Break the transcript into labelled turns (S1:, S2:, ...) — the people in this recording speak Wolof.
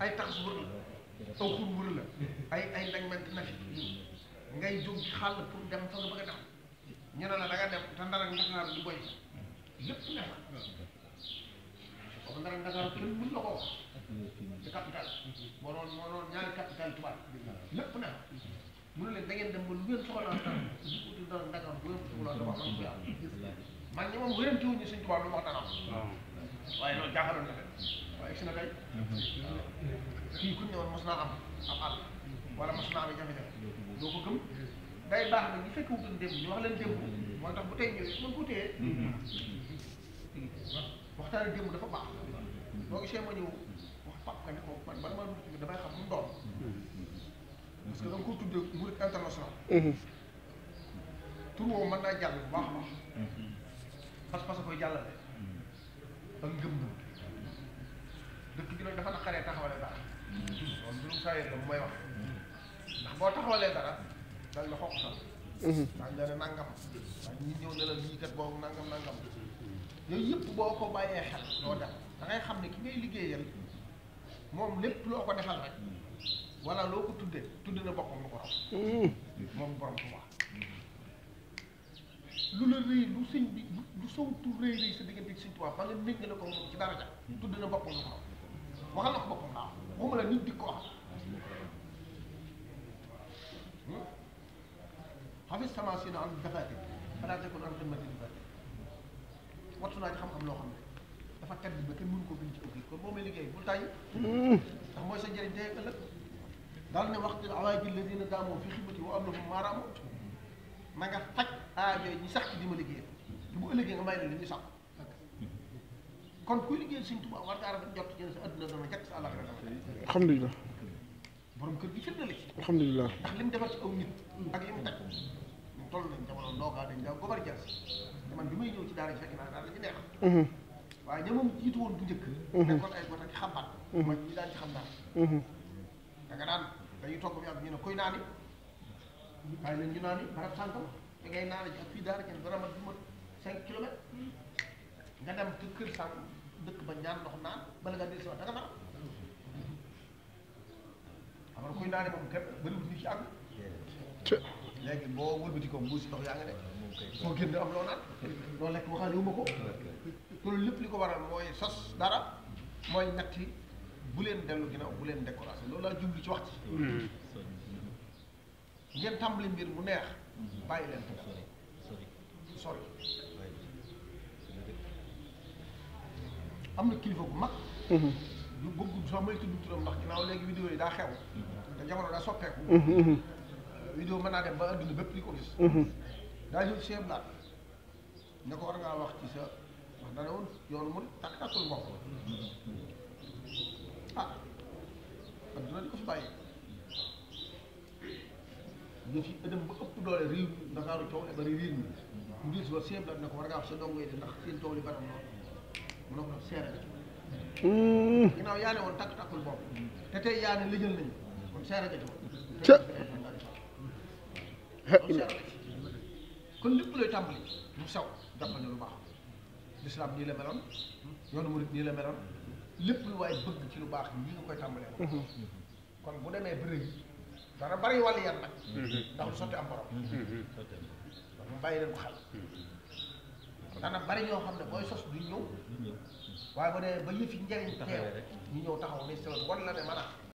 S1: ay tax wër la aw xur wër ay ay ndañ mant na ngay jóg ci xàll pour dem ba nga bëgg a dem ñu ne la da nga dem te ndar ak du boy lépp ne fa kooku ndar ak ndakaaru ko wax ci capital moo doon moo doon ñaari capital tubaab lépp ne fa mu ne leen da ngeen dem ba lu ngeen soxla dara uti ndar ak ndakaaru bu ngeen ko soxla dara man ko yàlla man ñi moom wérantiwuñu suñ tubaab lu wax dara waaye loolu jaaxaloon na de waaye gis na tey kii ku ñëwoon mos naa am am àll wala mos naa am jafe-jafe doo ko gëm day baax na ñu fekk wutoon démb ñu wax leen démb moo tax bu tey ñëwee mën ko téye waxtaane démb dafa baax boo gisee ma ñëw wax pap ka ne ko man international mhm. tur woowu mën naa jàll bu baax a baax parce que koy jàllale ak ngëm la dëkk bi nag dafa naqaree taxawale dara loolu mbirum saayir la ndax boo taxawalee dara dal na xooq sax mhm. daañ la ne nangam waaye ñi ñëw ne la lii kat boobu nangam nangam yooyu yëpp boo ko bàyyee xel doo def da xam ne ki ngay liggéeyal moom lépp loo ko defal rek wala loo ko tudde tudde na boppam lu ko raw mhm. moom borom Tuubaa lu la rëy lu sëñ bi lu sow tur rëy rëy sa diggante ak sëñ Tuubaa ba nga méngale ko moom ci dara ja tudd na boppam na ko waxal na ko boppam naa moom la nit di ko wax xafis sama si na am naa ci xam-xam loo xam ne dafa tedd ba kenn mënu ko bind ci ëpp kon boo may liggéey bul tàyyi ndax mooy sa njëriñ tey ëllëg daal ne waxtil awaajil la dina daamoo fi xidmati wa am na fu maaraamu na faj aajo ñu sax ci di ma liggéeyal te bu ëllëgee nga may na li ñuy sax kon kuy liggéeyal Sëñ Tuubaa war ngaa rafet jot ci sa adduna dana jàkk sa àllaxira dana alhamdulilah borom kër gi firndale ci alhamdulilah ndax li mu aw nit ak li mu teg ñu toll nañ jamono man bi may ñëw ci daara ji fekk naa daara ji neex mhm. waaye ña jiitu woon bu njëkk mhm. nekkoon ay got ak xambaat mooy mhm. ñu daan ci xam naan da nga daan dañuy togg bi ak ñu koy naani waaye leen ñu naani barab sànkam da ngay naan ji ak fii daara kenn dara dëkk ba ñaan ndox naan bala nga dellusiwaat da nga naan xam nga kuy naane moom kenn ci ko mbuus ndox yaa nga nekk ko loolu lépp li ko waral mooy sos dara mooy natti bu leen dellu ginnaaw bu leen découragé loolu laa jublu ci wax ci hmm. ngeen tàmbali mbir bu neex Mm-hmm. bàyyi leen ko sori sori sori am na kilifa bu mag lu mm-hmm. bëgg soo may tudd turam ndax ginnaaw léegi vidéo yi daa xew mm-hmm. te jamono daa soppeeku vidéo mën naa dem ba adduna bépp li ko gis daa ñëw ne ko war ngaa wax ci sa wax dana woon yoonu mu takk takkul mbokk ah adduna di ko fi bàyyi yëf yi dem ba ëpp doole réew mi Ndakaaru coow la bari réew ba seeb la ne ko war ngaa wax sa dongo yi de ndax seen tool yi bari na mu ne ko seere la ci hmm. tey yaa ne lijjal nañu kon seere la tàmbali mu sew jàppal ne lu baax lislaam nii la meloon yoonu murit nii la meloon lépp lu waay bëgg ci lu baax nii nga koy tàmbalee hmm. kon bu demee bëri dana bari wàll yan nag mm-hmm. ndax lu sotti am borom mm-hmm. loolu bàyyi leen ko xel mm-hmm. dana bari ñoo xam ne booy sos duñ ñëw waaye ba dee ba yëf yi njëriñ teew ñu ñëw taxaw ni solo wan la ne